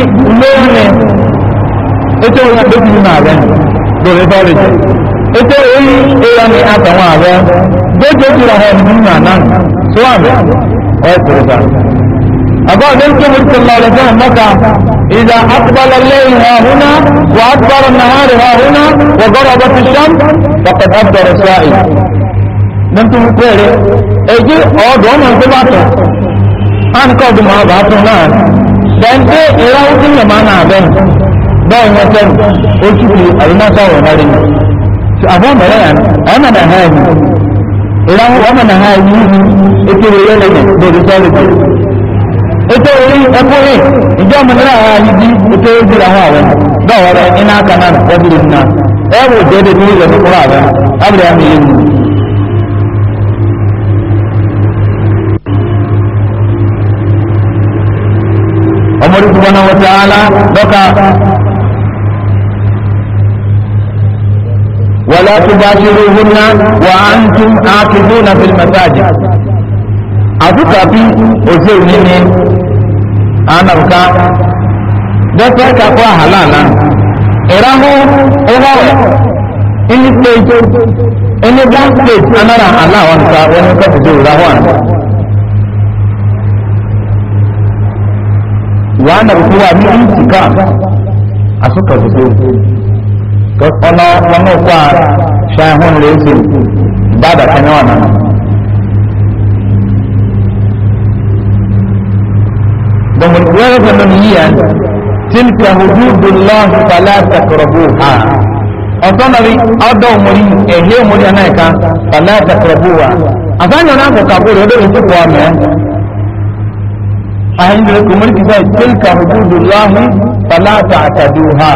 ti kú lónìí ètò òun tó kú nínú ààrẹ lórí bọ́ọ̀lì jù ètò òun èèyàn ní àtàwọn ààrẹ gbèsè tí ra hàn nínú àná tó wà mí ẹ kúrò bá. àbá mi ń tóbi tó lọ lọ́sẹ̀ mọ́ta إذا أقبل الليل ها هنا وأدبر النهار ها هنا وضربت الشمس فقد أبدر السائل nan tun pere eji ọdọ ọmọ ẹgbẹ bàtọ ànkọ ọdún máa bàtọ náà dande irawudu ne mana abin bayan wata okiki abin sawa hari to abin mara yan ana na hayi irawu ana na hayi ite wele ne da risali ko ite wele ekore ije manara hayi bi ite wele ra hawa wani ba wara ina kana da dirina ewo dede ni da kura ba abin ya mi yin ta'ala lọ́ka wàlá tó bá ṣeré húnná wà á ń tún ákìdó na fi masáàjì àtúkàbí òṣè òní ni ànàbùká dẹ́fẹ́ kakọ́ àhàlà náà ìrahùn ọwọ́ rẹ̀ inú stage inú black stage wàhánà gbogbo wa ní ìtìká àsùkà gbogbo ọ̀nà wọn náà kọ́ a ṣáhùn lè ṣe ìbáàdà kẹ́nyẹ́ wà náà. domin wani zanen yiyan tilka hududullah fala taqrabuha ọ̀tọ́nàrí ọdọ̀ òmòrí ẹ̀hẹ́ òmòrí anáìka fala taqrabuha àtàyàn náà kò kàkó rẹ̀ ó dẹ̀ ahindu ko mulki sai tilka hududullah fala ta'taduha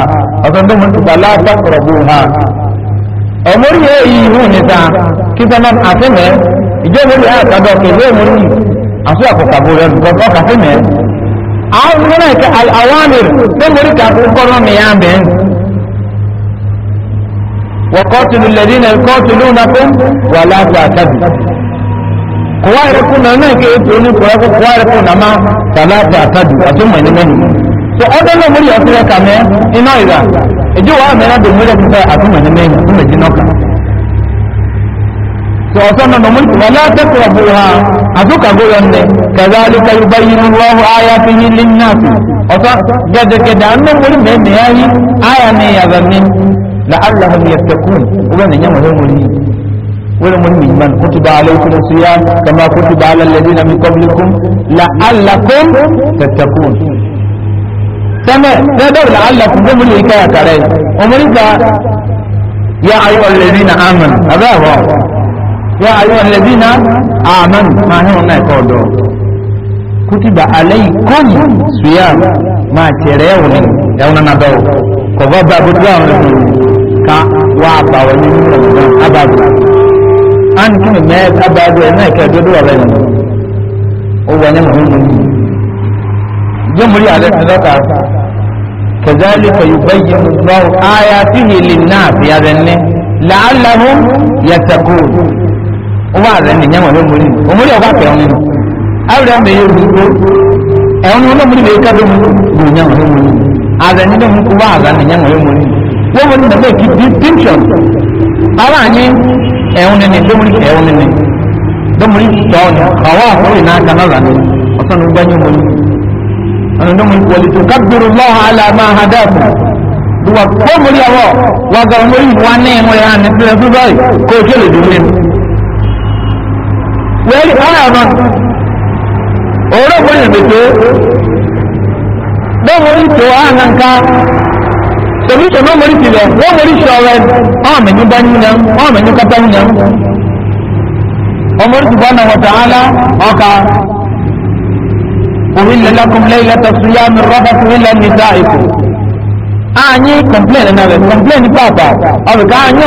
asan do mulki fala taqrabuha amur ye yi hu ni ta kitanan ateme ijo mo ya ka do ke do muri asu ko ka bo ran ko ko ka teme aw ngana ka al awamir do muri ka ko ko no mi ambe وقاتلوا الذين يقاتلونكم ولا تعتدوا kware kuna nan ke to ni kware ko kware kuna ma talata tadu atun mai nan so odan na muri asira kame ina ira ejo wa me na do muri ko atun mai nan atun mai jinoka so odan na muri wala taqrabuha azuka goyon ne kazalika yubayyinu Allahu ayatihi lin-nas odan gade ke da nan muri me me yayi aya ne ya zanni la'allahum yattaqun ubana nyama ho muri ولم من كتب عليكم الصيام كما كتب على الذين من قبلكم لعلكم تتقون سمع تدر لعلكم هم الحكاية عليه ومن يا أيها الذين آمنوا هذا هو يا أيها الذين آمنوا ما هي هنا يقولون كتب عليكم صيام ما تريون يوم ندعو كفر بابتغاهم ka wa ba wani mutum abadu an kini mɛ abaago yɛ n'a kɛ dodo wɛrɛ yɛ o wɛnyɛ mɔ mun mun jɔnmuli ale sɔrɔ ka kazali kayu bayi lɔw aya ti hili naa fi a bɛ ne la'alahu yasako o b'a yɛrɛ ni ɲɛmɔ bɛ muli o muli o ka kɛ o ni aw yɛrɛ mɛ ye wuli ko ɛ o ni o muli bɛ e ka do mu do ɲɛmɔ bɛ muli a yɛrɛ ni bɛ mu o b'a yɛrɛ ni ɲɛmɔ bɛ muli o muli na bɛ ki distinction aw b'a ye ẹ̀hún ni dómìnì ẹ̀hún ni dómìnì tọ́ọ̀nù àwọn àkọ́rì náà kanáà rà ní ọ̀sán ní gbẹ́yìn mọ́ni ọ̀nà dómìnì wọlé tó kábírù lọ́wọ́ aláàmà àdáàbò wà kọ́mùrí ọwọ́ wà gọ̀rọ̀ mọ́rí wà ní ìmọ̀ ìhà ní ìpínlẹ̀ fún báyìí kó o tó lè dómìnì. wẹ́ẹ́rì ọ̀nà ọ̀nà òwúrọ̀ fún ìrìnàjò solution ló mọ̀rí tilẹ̀ wọ́n mọ̀rí ṣọ̀rẹ́ ọmọ ẹ̀yìn bá yín náà ọmọ ẹ̀yìn kọ́tà yín náà ọmọ orí ṣùgbọ́n náà wọ̀tà ánà ọkà òhìn lẹ́lẹ́kùn lẹ́yìnlẹ́ tẹ̀sùn yá mi rọ́bà fún ilẹ̀ ní ìdá èkó ààyè complain náà rẹ̀ complain pàápàá ọ̀rẹ́ ká ààyè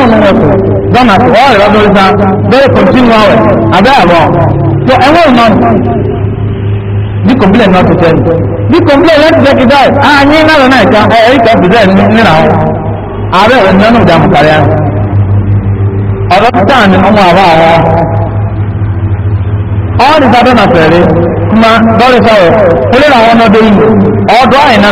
òun bí complain náà ti tẹ́ bí complain láti jẹ́ na ẹ̀ á yín náà lọ́nà ẹ̀ka ẹ̀rí kan nínú àwọn ààrẹ rẹ̀ nínú ìdààmú kárí àná ọ̀rọ̀ títà ni ọmọ àwa àwọn ọ̀rọ̀ nípa tó náà fẹ̀rẹ̀ kuma dọ́rẹ̀ sọ̀rọ̀ olórí yìí ọ̀dọ́ náà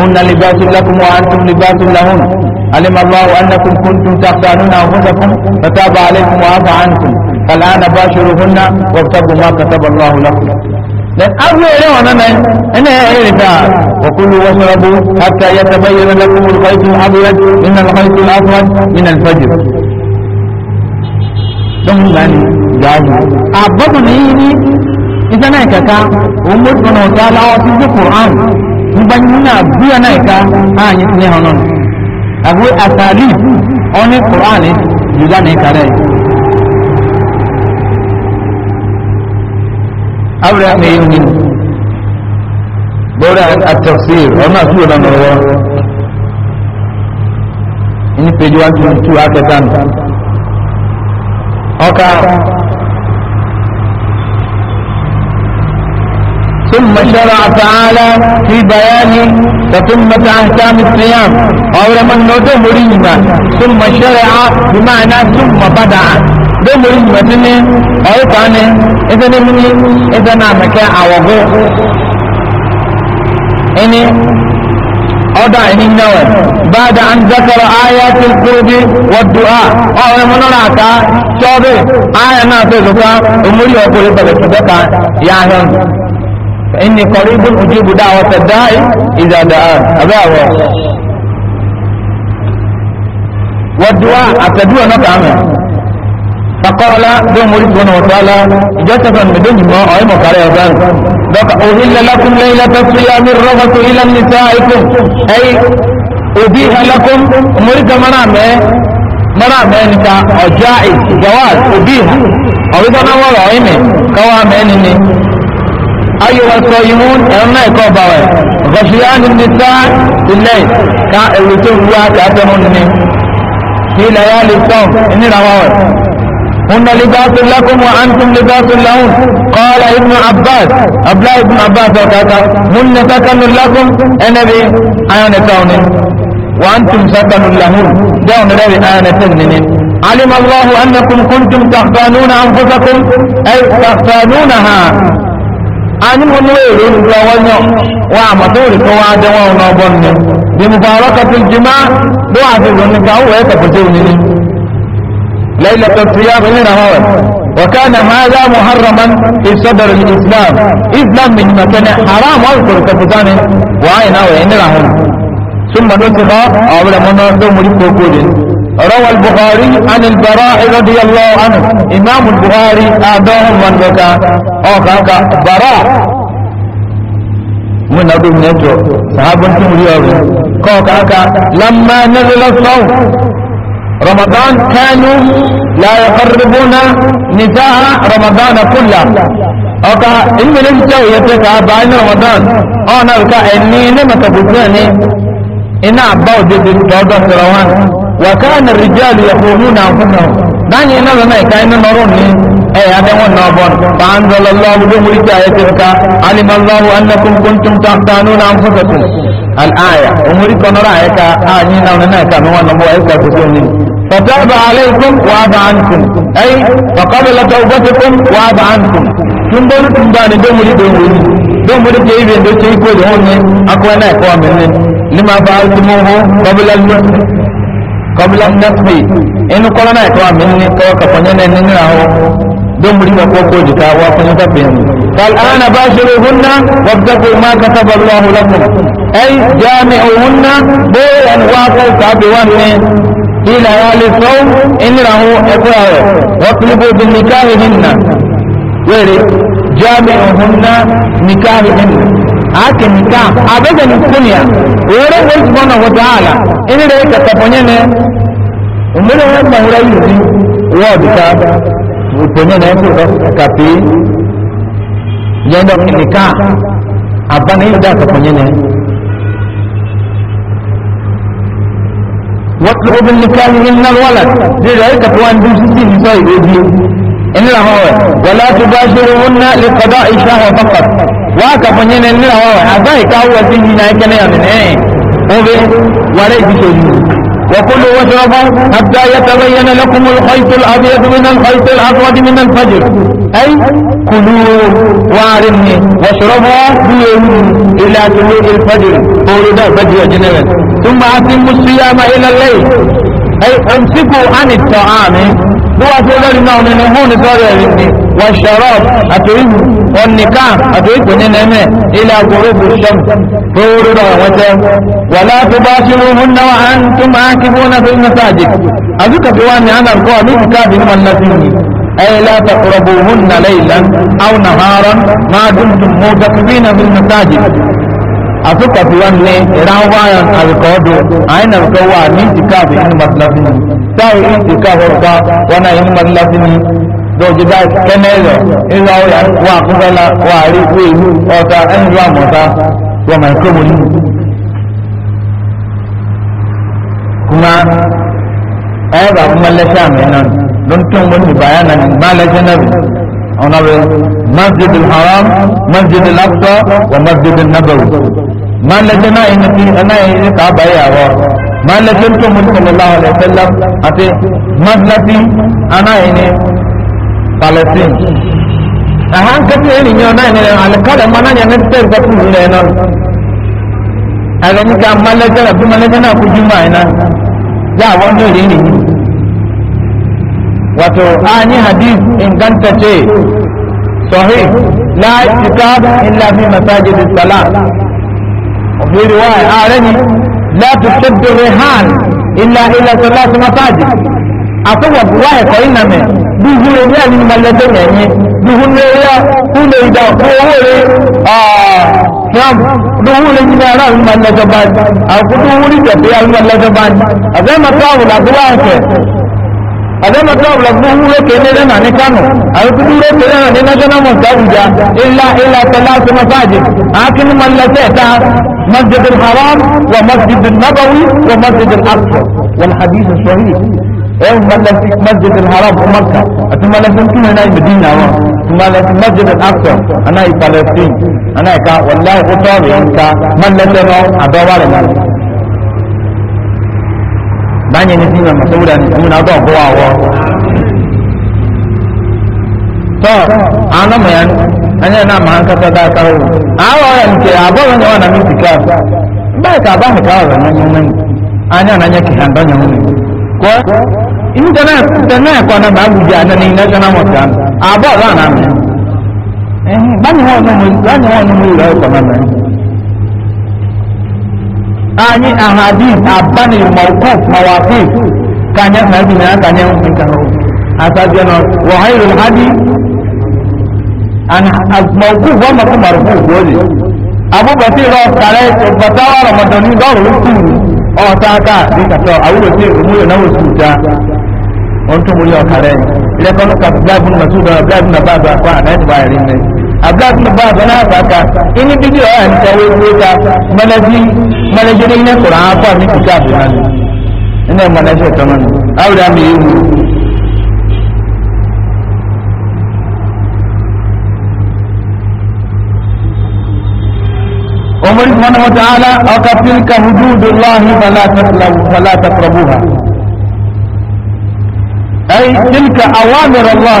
هن لباس لكم وأنتم لباس لهن علم الله أنكم كنتم تختارون أنفسكم فتاب عليكم وعفى عنكم فالآن باشروهن وابتغوا ما كتب الله لكم لأن أبو إليه أنا أنا أعرف وكلوا واشربوا حتى يتبين لكم الخيط الأبيض من الخيط الأسود من الفجر ثم جاهز أبو نيني إذا نكتا ومدنا وتعالى القران mbanyina buya na ika anyi ne hono agwe atali oni qur'ani yuda ne kare abra me yuni bora at-tafsir ona su da nawa ini page 1 2 akatan oka ثم شرع تعالى في بيان تتمة أحكام الصيام أو لمن نوته مريمة ثم شرع بمعنى ثم بدع ده مريمة تنين أو تاني إذا نمني إذا نعمك عوضو إني أدع إني نوى بعد أن ذكر آيات القرب والدعاء أو لمن نعتا شابه آية نعتا زكا أمري وقل بلد يا هند فإني قريب أجيب دعوة الداعي إذا دعان أباوة والدعاء أتدعو نتعمل فقال دون مريد سبحانه وتعالى جسفا بدون ما أعلم قرية ذلك لك أهل لكم ليلة الصيام الرفث إلى نسائكم أي أبيها لكم مريد منامه منامه نتا أجائز جواز أبيها أو إذا نورا إمي كوامين إمي أيها القائمون أما يكوبوا غشيان النساء بالليل هو واحد منه في ليالي الصوم إن رواه هن لباس لكم وأنتم لباس لهم قال ابن عباس أبلا ابن عباس وكذا هن سكن لكم أنا بي ايان تاوني وأنتم سكن لهم دون ربي ايان سننين علم الله أنكم كنتم تخفانون أنفسكم أي تخفانونها anyị mụ nwe ere ndị ọwọnyọ wa amata orito wa adịwa n'ọgbọ nne dị mụba ọrọkọtụ jima dị wa adịghị nne ka wee tọpụta onini lailata siyam ihe na hawa وكان هذا محرما في صدر الاسلام اسلام من مكان حرام اذكر كفتان وعين او ان لهم ثم نسخ او لمن نسخ مريد روى البخاري عن البراء رضي الله عنه امام البخاري اعداهم من بكا او كاكا براء من ابو نجو صحاب تمريو كو كاكا لما نزل الصوم رمضان كانوا لا يقربون نساء رمضان كله أوكا إن ń jẹ́ òye بعد رمضان أنا ramadan إني ìka ẹ̀ní ní mẹ́tàkùtù ẹ̀ní iná àbá وكان الرجال يقولون أنفسهم دعني نبا ما كان نروني أي هذا هو النابون فأنزل الله بمرك آياتك علم الله أنكم كنتم تختانون أنفسكم الآية أمرك نرأيك آني نبا كان هو النبو إذا كسوني فتاب عليكم وعاب عنكم أي فقبل توبتكم وعاب عنكم تنبول تنباني دمري دمري دمري جيبين دو شيء كل هوني أكوانا أكوامين لما فعلتموه قبل المؤمن kọbílá nẹ́sìmì inú kọ́lá náà ẹ̀kọ́ àmì ní kọ́ kọ̀kọ̀nyẹ́ náà nínú àwọn dómìnì wọ́pọ̀ kó jìká wá fún yíká pè mí. فالآن باشروهن وابتغوا ما كتب الله لكم أي جامعوهن بيئا واقع تعبوان في ليالي الصوم إنه إقرار واطلبوا بالنكاحهن ويري جامعوهن نكاحهن ake nika abeze ni kunia ore wo subhanahu wa ta'ala ini re ka taponyene umire ya mahura yuzi wo bika utonyene ko kapi yendo nika abana yuda taponyene واطلب بالنكاح من الولد لذلك فوان دوسي نساء يجي إن لهو ولا تباشرهن لقضاء شهر فقط waka fonye ne nira wawe abai kawo wasu yi na yake na yanzu ne obe ware ji ke yi وكلوا واشربوا حتى يتبين لكم الخيط الابيض من الخيط الاسود من الفجر اي كلوا وارمني واشربوا بيوم الى طلوع الفجر ورد فجر جنبا ثم اتموا الصيام الى الليل اي امسكوا عن الطعام dúwà tí olórin náà ní ní hún sọ́rọ̀ ẹ̀rí ni wọ́n ṣọ̀rọ̀ àtòríhù wọn nìka àtòríkù ní nẹ́mẹ̀ ilẹ̀ agbóró bù sọ́m tó rúrọ̀ àwọn tẹ́ wà láti bá sí ruhun náà à ń tún máa kí fún náà fún mẹ́sàájì àdúkà tí wọ́n ní àná kọ́ ní kíkà bí wọ́n náà sí ni أي لا تقربوهن ليلا أو نهارا ما دمتم موجودين في المساجد asuka tuwa ne ran wayan alkawado ayin alkawa ni jika bi in maslafi ni sai in jika horka wana in maslafi ni do jida kenelo ila ya wa kubala wa ri ku ihu ota an wa mota wa mai komuni kuma ayaba kuma lasha mai nan don tun wani bayanan ba ọ̀nà rẹ̀ masjid al-haram masjid al-aqsa wa masjid al-nabawi máa lẹ́jẹ́ náà ẹni tí ẹ̀nà ẹ̀yẹ kàábà yà wọ́ máa lẹ́jẹ́ tó mú sọlọ́lá ọ̀lẹ́ tẹ́lẹ̀ àti masilasi ẹ̀nà ẹ̀yẹ palestine ahan kasi ẹni yẹn ọ̀nà ẹ̀yẹ alikọ́lẹ̀ mọ́ náà yẹn ní tẹ́lẹ̀ fẹ́ fún ìlẹ̀ náà ẹ̀rọ nígbà máa lẹ́jẹ́ rẹ̀ bí máa lẹ́jẹ́ náà kú jùmọ̀ àyìnà yà wọ́n ní òye nìyí wato ani hadith ingantacce sahih la kitab illa fi masajid salat fi riwaya arani la tushaddu rihan illa ila salat masajid ato wa riwaya ko ina me bi hure ni ani malete nyenye bi hure ya kule ida ko hure ah from do hure ni na ra malete ban a ko do hure ya bi malete a ga matawu la duwa ke هذا مطلب لفظه هو كنيرا نكانو أو تقول كنيرا نكانا مستوجا إلا إلا ثلاث مساجد لكن من لا مسجد الحرام ومسجد النبوي ومسجد الأقصى والحديث الصحيح أو مسجد الحرام ومكة ثم لا تنتهي من المدينة ثم لا مسجد الأقصى أنا فلسطين أنا كا والله قطار يوم كا من لا تنتهي أدوار المدينة báyẹ̀ ní sí ìmọ̀ sówúrà ní òun náà dọ̀ bọ́ àwọ̀ tọ́ àwọn ọmọ yẹn ẹni náà máa ń sọ́tọ́ dá ẹ̀ka òwò àwọn ọ̀rẹ́ nìkẹ́ àbọ̀rọ̀ ni wọ́n na mí sìkà báyìí ká bá nìkà ọ̀rẹ́ ní ọmọ yẹn anya na nyɛ kihan dɔ nyɛ wuli kɔ internet internet kɔ na baa wuli ana ni national mosque a bɔ ɔlɔ ana mɛ ɛhɛn bani hɔn numu bani hɔn numu yɛrɛ kɔ na ani ahadith abani mawquf mawaqif kanya nabi na kanya mkano asabi na wa hayrul hadi an az mawquf wa makum marfu boleh abu basir ro kare to batawa ramadani do ro tu o ta ta ni ka to awu ro ti mu yo na wo suja on to mu yo kare le kono ka babun masuda babun baba kwa na ba yarin ne Abbas sebab mana kata ini video tujuan eh, saya kita menaji menajeri ini Quran apa ni kita bukan ini menajeri teman Allah ni ilmu Umar bin Khattab taala apa tilka hududullah fala taqrabu fala taqrabuha ai tilka awamir Allah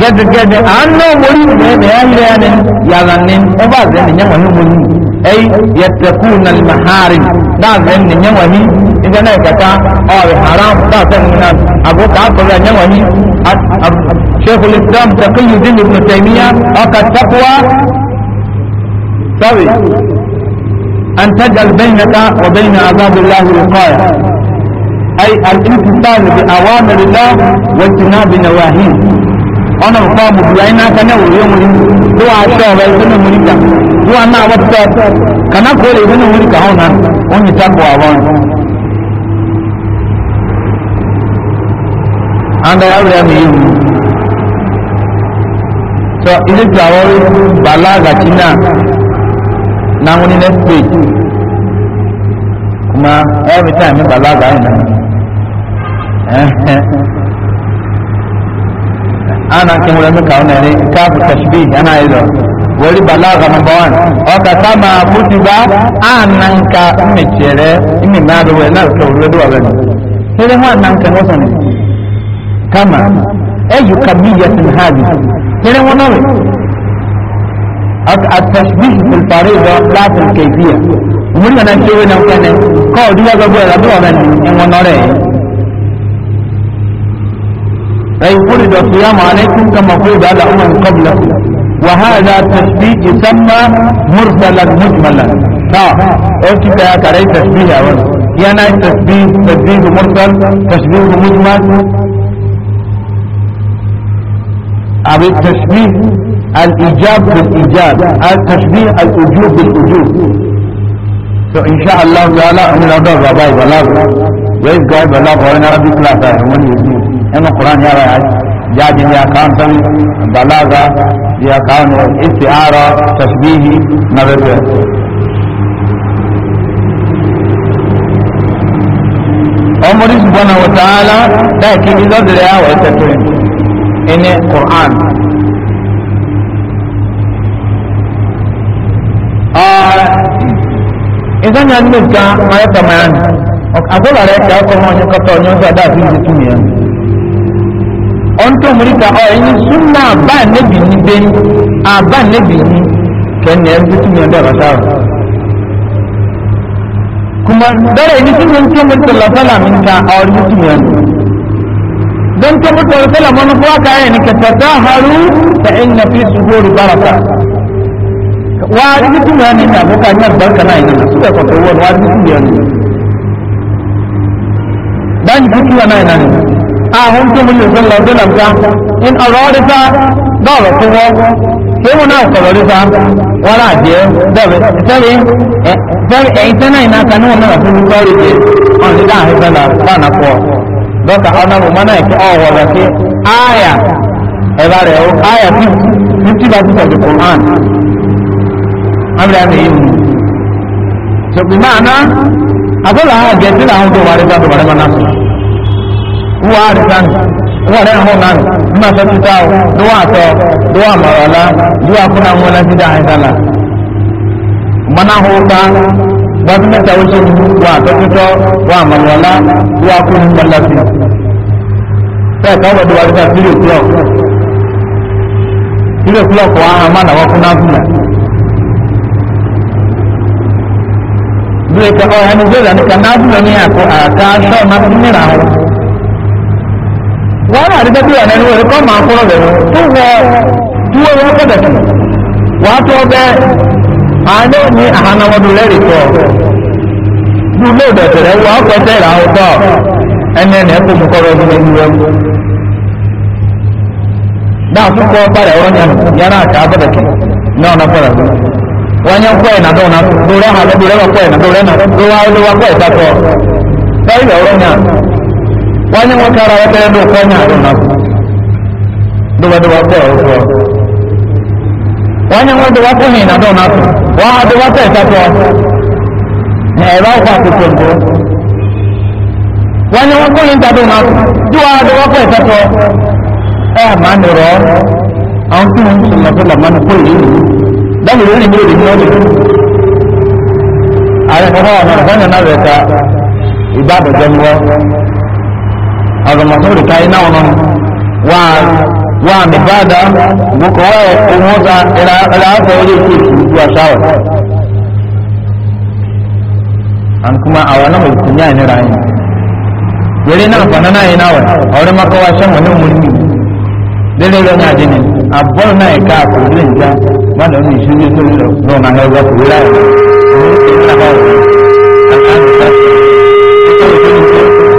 gẹ́gẹ́gẹ́gẹ́ àánú mórí ẹ̀ẹ́dẹ̀ ẹni yàránì ẹbá zẹ́ ni yẹ́wọ̀n ní mórí ẹ̀yí yẹ̀tẹ̀kù na mahari dáàzẹ́ ni yẹ́wọ̀n ní ìjẹ́ náà kẹta ọ̀rẹ̀ haram dáàzẹ́ ni náà àbúkà àkọlẹ̀ yẹ́wọ̀n ní ṣékùl islam tẹ̀kíyù dín ibùn tẹ̀míyà ọkà tẹ́kùwá sọ́rí an tajal bainaka wa ọ̀nà nǹkan ọ̀mùdù ayé anyị kan náà wòye múni ló a tẹ ọ̀rẹ́ ìwé na múni kà ló na náà wọ́n tẹ kàná kó lè ìwé náà múni kà hàn náà wọ́n anda ya wúlẹ̀ mi yìí sọ ilé tí àwọn bàálà àgàtì náà náà na ní na page ana ke mu ramu kawo ne kafu tashbih ana ido wari balaga number 1 oka kama kutiba anan ka mechere imi na do we na to we do aben hele ho anan ka wasan kama ayu kamiyatin hadi hele ho nawe التشبيه في الفريضة لا في الكيفية. ومن أنا كيف نقول كودي يا جبل أبو أبن إن ونرى أي فرض الصيام عليكم كما فرض على أمم قبلكم وهذا تشبيه يسمى مرسلا مجملا نعم أوكي يا كاري تشبيه أولا يعني تشبيه تشبيه مرسل تشبيه مجمل أبي التشبيه الإيجاب بالإيجاب التشبيه الأجوب بالأجوب إن شاء الله تعالى la amina da baba ويبقى wai ga bala ko na rabbi class ẹnu kuran yàrá jáde ní akáǹtán balaga ní akáǹtán ìsìárọ tasbihi na bẹbẹ. ọmọdé ṣùgbọ́n náà wọ́n tààlà dáìkì ìzọ́dẹ̀rẹ̀ àwọ̀ ẹ̀tẹ̀tẹ̀ ẹni kuran. ìsọ́nyà nígbà máa yẹ kàmáyà ní àgbọ̀lá rẹ̀ kí a kọ́ wọn ọ̀nyọ́kọ́tọ̀ ọ̀nyọ́sọ̀ àdáàfin ti túmìyàn ọ̀ntọ́ mọ̀ríkà ọ̀yìn súnmọ́ àbá nẹ́bì ní dé àbá nẹ́bì ní kẹ́ni ẹ̀rí tó túnmọ̀ ẹ̀dá bàtà rẹ̀ kuma bẹ́rẹ̀ ní túnmọ̀ ní túnmọ̀ tọ̀lọ̀ sọ́là mi ta ọ̀rí tó túnmọ̀ ẹ̀dá don túnmọ̀ tọ̀lọ̀ sọ́là mọ́nú fún aka ẹ̀ ní kẹta tá haru ta ẹ̀ na fi sùgbóòrù báraka wá rí tó túnmọ̀ ẹ̀dá ní àbúkà ní àgbàkà náà ìnana súbẹ̀ kọ̀tọ̀ wọ́n ahun tí mo lè fún lọ sílẹ̀ nǹkan in ọ̀rọ̀ ọ̀rẹ́sá dọ̀rọ̀ fún wọn kí wọn náà sọ̀rọ̀ ọ̀rẹ́sá wọn rà jẹ́ dọ̀rẹ́ sẹ́rí ẹ̀yìn tẹ́lẹ̀ iná kan ní wọn náà fún mi sọ́rí jẹ́ wọn ní dáhùn sẹ́lẹ̀ fáànà pọ̀ dọ́kà ọ̀nà mọ̀mọ́ náà kí ọ̀wọ̀ rẹ̀ kí áyà ẹ̀bá rẹ̀ ó áyà tí ní tí bá títọ̀ di kùnán amílẹ̀ àbúrò àwọn ọ̀gẹ̀ wúwa àdìsáni wúwa rẹ̀ hàn náà nígbà tó ti táwọ̀ lówó àtọ̀ lówó àmọ̀rọ̀lá lówó àkúnná wọn lẹ́sí dá àìsàlà mọ́náhùn ká gbọ́dún mẹ́ta ó ṣe wà àtọ́tútọ́ wà àmọ̀rọ̀lá lówó àkúnná wọn lẹ́sí fẹ́ẹ̀kọ́ ọ̀dọ̀ wà nígbà three o'clock three o'clock wà á má làwọn kúnná fúnlẹ̀ bí o ti ọ̀ gbé ìlànà kan náà fúnlẹ̀ ní àkọ́ àká ṣọ́ọ̀ náà fún mìíràn wọ́n náà rí bẹ́bí ọ̀nà rẹ̀ kọ́ máa kúrò rẹ̀ tó wọ dúró wọn kọ́dọ̀ tó wà á tọ́ bẹ́ àánú ní àhánáwọ́dún lẹ́rìí kọ́ bí ilé ìbẹ̀tẹ̀ rẹ̀ wọ́n kọ́ tẹ́ ìrà ọ̀tọ̀ ẹni ẹni ẹkùn mú kọ́rọ̀ ọdún ẹni rẹ̀ náà tún kọ́ bá rẹ̀ wọ́n yẹn yára àká bọ́dọ̀ kì náà ọ̀nà kọ́rọ̀ wọ́n yẹn kọ́ ẹ̀nà dọ́ọ̀nà dòrẹ́ wọ́n ní wọ́n kára wọ́n tẹ́lẹ̀ lóòkọ́ ní àrùn náà dọ́wọ́dọ́wọ́ pọ̀ ọ̀pọ̀ wọ́n ní wọ́n dọ́wọ́ fún ìrìn àdọ́ náà wọ́n á dọ́wọ́ tẹ̀ ìtàkọ́ ní ẹ̀rọ ọkọ̀ àkókò tó wọ́n ní wọ́n fún ìrìn àdọ́ náà tí wọ́n á dọ́wọ́ fún ìtàkọ́ ẹ̀ máa ń rọ àwọn tí wọ́n ti lọ́sọ̀ lọ́mọ́ ní kúrò yìí dáhùn ìrìn ìgbèrè ní ọdún àrẹ kọ́kọ́ ọ̀nà ìbájọ́ náà rẹ̀ ta ìbábọ̀jọ́ ni azumasuri ka ina wannan wa wa mi bada buka wa umuza ila ila ta wuri ke zuwa shawar an kuma a wani mai kunya ne rayu yare na fa na yi nawa a wani makawa shan wani mulki dole ne na jini abbol na yi ka ko zai ja ba da wani shi zai tuni da na ga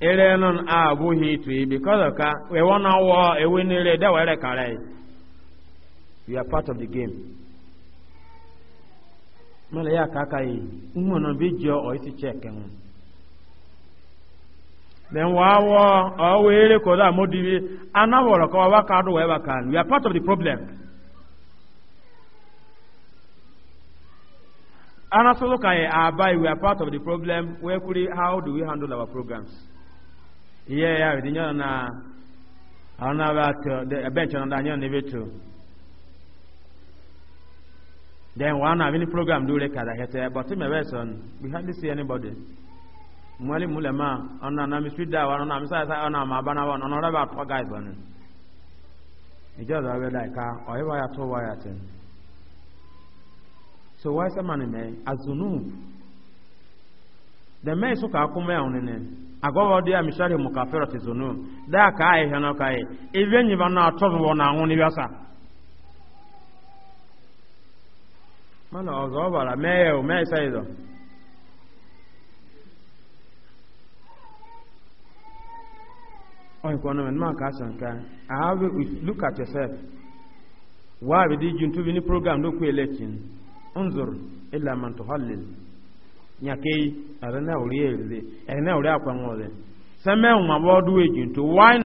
ere nun abụghị itu ibi of ka ewe na wọ ewe n'ire ere kara you are part of the game mala ya ka aka yi na bi jọ ọ isi check ẹhun then wa wọ ọ were kọdọ amodibi anawọrọ ka ọwa ka adụ wee baka you are part of the problem anasolo ka yi aba you are part of the problem wee kwuri how do we handle our programs yeah ya widi nyɔnu na ɔnu na ba to de ebe tsɔnu da nyɔnu then wɔn na mini program do reka da hɛtɛ but mi bɛ sɔn we hardly see anybody mwali mule ma ɔnu na mi street da na mi sa sa ɔnu na ma ba na wa ɔnu na ba tɔ guys e wa ni ìjọ ọ̀dọ̀ ọ̀rẹ́ so why wáyà tó wáyà tẹ̀ so wáyà sẹ́mà nìyẹn azunu dẹ̀mẹ́ ìsúkà agọbọ dị ya mishari mukafero ti zonu da ka ayi hɛnɛ ka ye ibe nyiba na tɔbi wɔ na ŋun ibe sa mana ɔzɔ bala mɛ yɛ o mɛ yi sayi zɔ ɔyi kɔnɔ mɛ nima ka sɛn ka a bɛ look at yourself waa bi di juntubi ni program do ku election unzur ila man tuhallil nyakei ɛdɛ na wòle yɛ ɛdɛ ɛdɛ na wòle akpɛ ŋɔ lɛ sɛmɛ ŋmabɔ do edzonto wáyé.